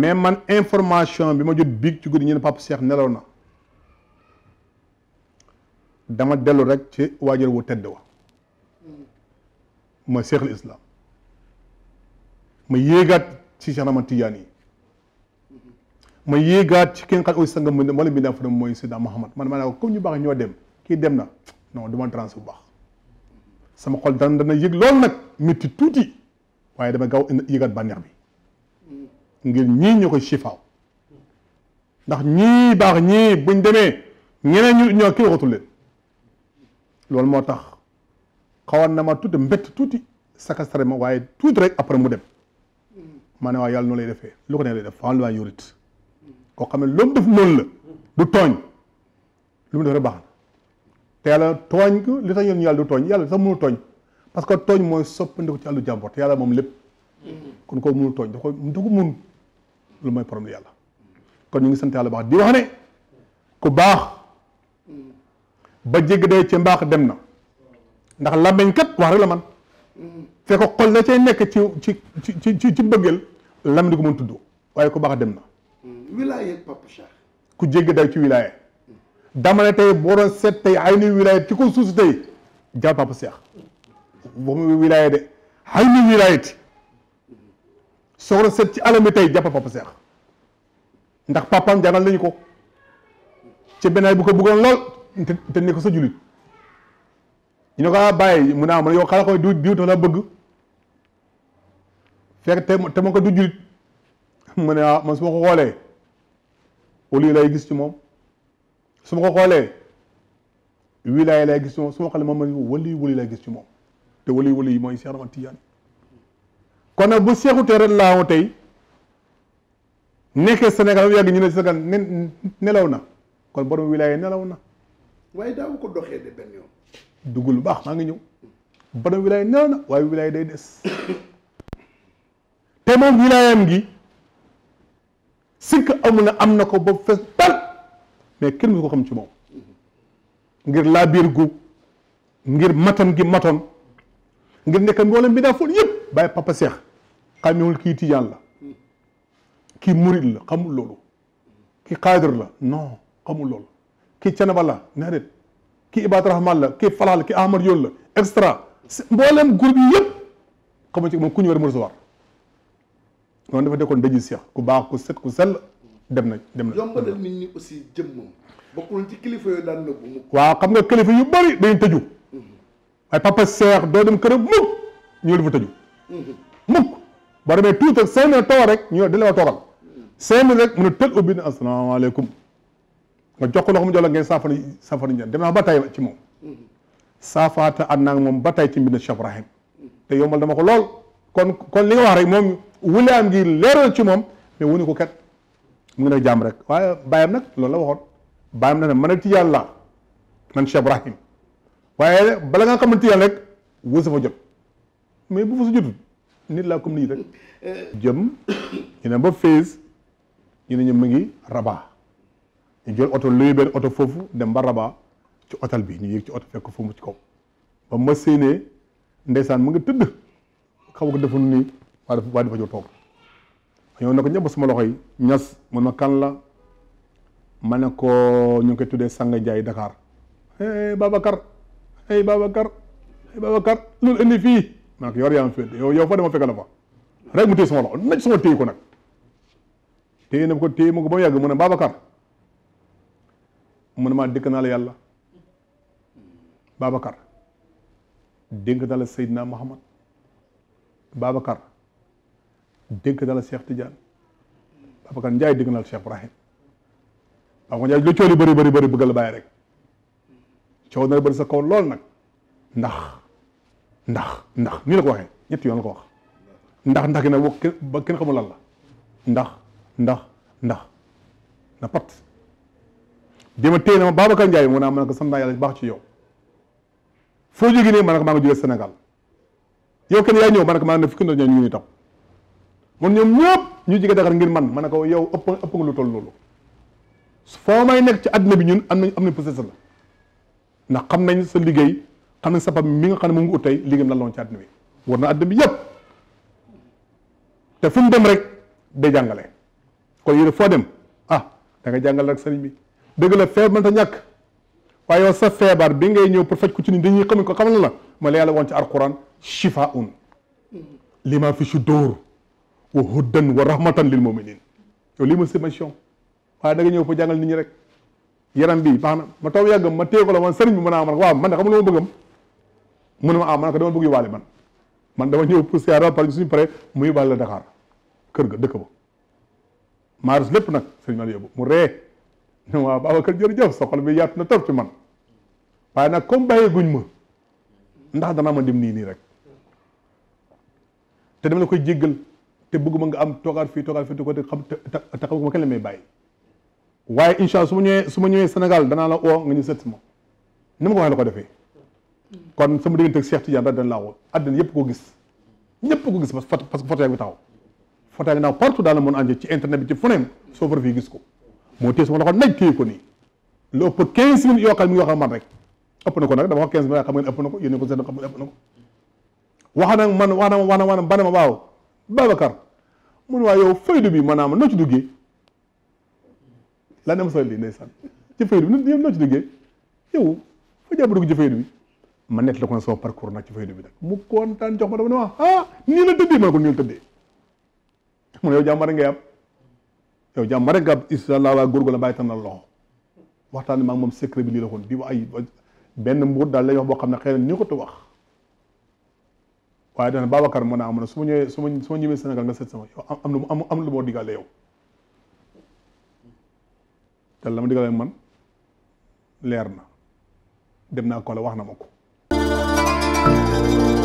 mais man information bi ma jot biig ci guddi ñu ne Papa nelaw na dama dellu rek ci waajur wu tedd wa mooy Cheikhul Islam ma yéegaat ci Cheikh Ahmad Tidiane yi ma yéegaat ci ki nga xam ne sanga mu wala bi dafa mooy Sida Muhammad man maanaam comme ñu baax ñoo dem kii dem na non duma trans bu baax sama xol dana dana yëg loolu nag métti tuuti waaye dama gaaw yëgaat bànneex bi ngir ñii ñu ci sifaaw ndax ñii baax ñii bëñ demee ñeneen ñu ñoo kii waxatul leen loolu moo tax xawoon na ma tuuti mbett tuuti sakastare ma waaye tuuti rek après mu dem ma ne waa yàlla noonu lay defee lu ko ne lay def faaw la koo xam ne loolu def noonu la du tooñ lu mu def rek baax tooñ ko li tax yoon yàlla tooñ yàlla sax mënul tooñ parce que tooñ mooy soppandiku ci àllu jàmbor te yàlla moom lépp mm-hmm. kon ko mënul tooñ da ko da mun lu mooy problème yàlla kon ñu ngi sant yàlla baax di wax ne ku baax ba jégg day ci mbaax dem na ndax làmmiñ kat wax rek la man fekk xol la cay nekk ci ci ci ci ci bëggeel làmmiñ di ko mën tudd waaye ku baax dem na wilaaye Papa Cheikh ku jégg day ci wilaaye dama ne tey boo doon seet tey ay nu wilaaye ci ko suusi tey jàll Papa Cheikh waxuma wilaaye de ay nu wilaaye soxna seet ci alami tey jàpp papa Seex ndax papaam jàngal nañu ko ci beneen bu ko bëggoon lool te nekk sa julit ñu ne ko ah bàyyi mu ne ah man yow xanaa koy diw diw dafa la bëgg fekk te te ma ko du julit mu ne ah, man su ma ko xoolee wala lay gis ci moom suma ma ko xoolee wilaay lay gis ci moom su ma xoolee moom man wali wali lay gis ci moom te wali wali mooy Seex Ahmad Tijaan kon bu Cheikhou tere laaw tay nekk senegal yag ñu ne senegal nelaw na kon borom wilaya nelaw na. waaye daaw ko doxé de ben yoon. dugul bax ma nga ñew borom wilaya nelaw na waaye wilaya day dess té te wilaya am gi sik amuna na am na ko ba fees tal mais kenn ko xam ci mom ngir la bir gu ngir matam gi matam ngir nekk mbolam bi da foon yeb bay papa Cheikh. xàmmewul ki tijaan la kii murit la xamul loolu kii xaadir la non xamul lool kii canaba la déedéet kii Ibaad Rahman la kii Falaa la kii Ahmad Yoon la extra mboolem groupe yi yëpp xamu ku ñu war a recevoir noonu dafa nekkoon ku baax ku set ku sell dem dem na. yombalal nit ñi ci kilifa yooyu daan xam nga kilifa yu bëri dañuy tëju. Mm-hmm. ay papa seex doo dem këram mukk ñëw dafa tëju. Mm-hmm. mukk. boo demee tuutal cinq minutes toogal rek ñu di la toogal cinq minutes rek mu ne tël ubbi ne asalaamaaleykum nga jox ko loxo mu jox la ngeen saafara saafara njën dem naa ba tey ci moom saafaata ànd naa moom ba tey ci mbind Cheikh Ibrahim te yombal dama ko lool kon kon li nga wax rek moom wulaam gi leeral ci moom mais wuni ko kat mu ngi ne jàmm rek waaye bàyyam nag loolu la waxoon bàyyam na ne man ak ci yàlla man Cheikh Ibrahim waaye bala nga rek wësu fa jot mais bu fa sa nit laa comme nii rek. jëm ñu ne ba Fès ñu ñu mu ngi Rabat ñu jël oto luy benn oto foofu dem ba Rabat ci hôtel bi ñu yéeg ci oto fekk fu mu ci kaw ba ma séenee ndeysaan mu ngi tëdd xaw ko defoon nii waa dafa waa dafa toog ñëw na ko ñëpp sama loxo yi ñas mun ma kan la ma ne ko ñu ngi koy tuddee Sanga jaay dakaar hey eh, Babacar hey eh, eh, loolu indi fii. naa ko yor yaa ma féete yow yow fa dama fekk la fa rek mu téye sama loxo naj sama téye ko nag téye na ko téye ma ko ba mu yàgg mu ne Babacar mu ne maa dénk naa la yàlla Babacar dénk naa la Seydina Muhammad Babacar dénk naa la Cheikh Tidiane Babacar Ndiaye dénk naa la Cheikh Ibrahim Babacar Ndiaye lu coow li bëri bëri bëri rek coow na la bëri sa kaw lool nag ndax ndax ndax nii la ko waxee ñetti yoon la ko wax ndax ndax gi nag boo kenn xamul la ndax ndax ndax na pat jéem a na ma Babacar Ndiaye mu naa ah, ma ne ko sant naa yàlla baax ci yow foo jógee nii ma ne ko maa ngi jógee Sénégal yow kenn ma ne ko maa ne fukki ndox ñu ngi taw man ñoom ñëpp ñu jige Dakar ngir man ma ne ko yow ëpp ëpp nga lu toll loolu foo may nekk ci àddina bi ñun am nañ am nañ processus la ndax xam nañ sa liggéey xam ne sabab mi nga xam ne mu ngi ut tey liggéeyam lan la woon ci àddina bi war na àddina bi yëpp te fu mu dem rek day jàngale kon yéen foo dem ah da nga jàngale rek sëriñ bi dëgg la feebar mënta ñàkk waaye yow feebar bi ngay ñëw pour faj ko ci nit dañuy xamuñ ko xamal la ma la yàlla woon ci alquran shifa un lima fi sudur wa huddan wa rahmatan lil muminin yow lii ma si mission waaye da nga ñëw pour jàngal nit ñi rek yaram bi baax na ma taw yàggam ma téye ko la man sëriñ bi mën a am waaw man de xam nga lu mu ne ma ah man dama bëgg yóbbaale man man dama ñëw pour siyaara par suñu pare mu yóbbaale la Dakar kër ga dëkk ba maa res lépp nag sëñ ma la mu ree ne ma ah, Babacar jërëjëf sa xol bi yaatu na trop ci man waaye nag comme bàyyee guñ ma ndax danaa ma dim nii nii rek te dama la koy jéggal te ma nga am toogaat fii toogaat fii te ko te xam te te xam ma kenn la waaye incha su ma ñëwee su ma ñëwee Sénégal danaa la oo nga ñu seet si ko defee. kon sama diggante ak Cheikh Tidiane radiyallahu anhu àddina yëpp koo gis ñëpp ko gis parce que photo bi taxaw photo bi naaw partout dans le monde entier ci internet bi ci fu ne soo far fii gis ko moo téye sama loxo naj téye ko nii lu ëpp quinze minutes yokkal mi ngi wax ak rek ëpp ko nag dama wax quinze xam ngeen ëpp na ko yéen ko ëpp na ko wax nag man wax na ma wax na ma bana ma waaw Babacar mun waa yow faydu bi maanaam noo ci duggee laa ne ma sol lii ndeysaan ci faydu bi noo ci duggee yow fa jàpp bi ma nekk la ko ne sama parcours nag ci faydu bi nag mu kontaan jox ma dama ne ma ah nii la tëddee ma ko nii la tëddee mu ne yow jàmm rek am yow jàmm rek nga am incha allah waa góor gu na loxo waxtaan bi moom secret bi lii la kon di ay benn mbuur daal lay boo xam ne xëy na ni ko tu wax waaye dana Babacar mën a ah, am na su ma ñëwee su ma su ñëwee Sénégal nga seet sama yow am lu am am lu moo diggaale yow te la ma diggaale man leer na dem naa ko la wax na ma ko 嗯。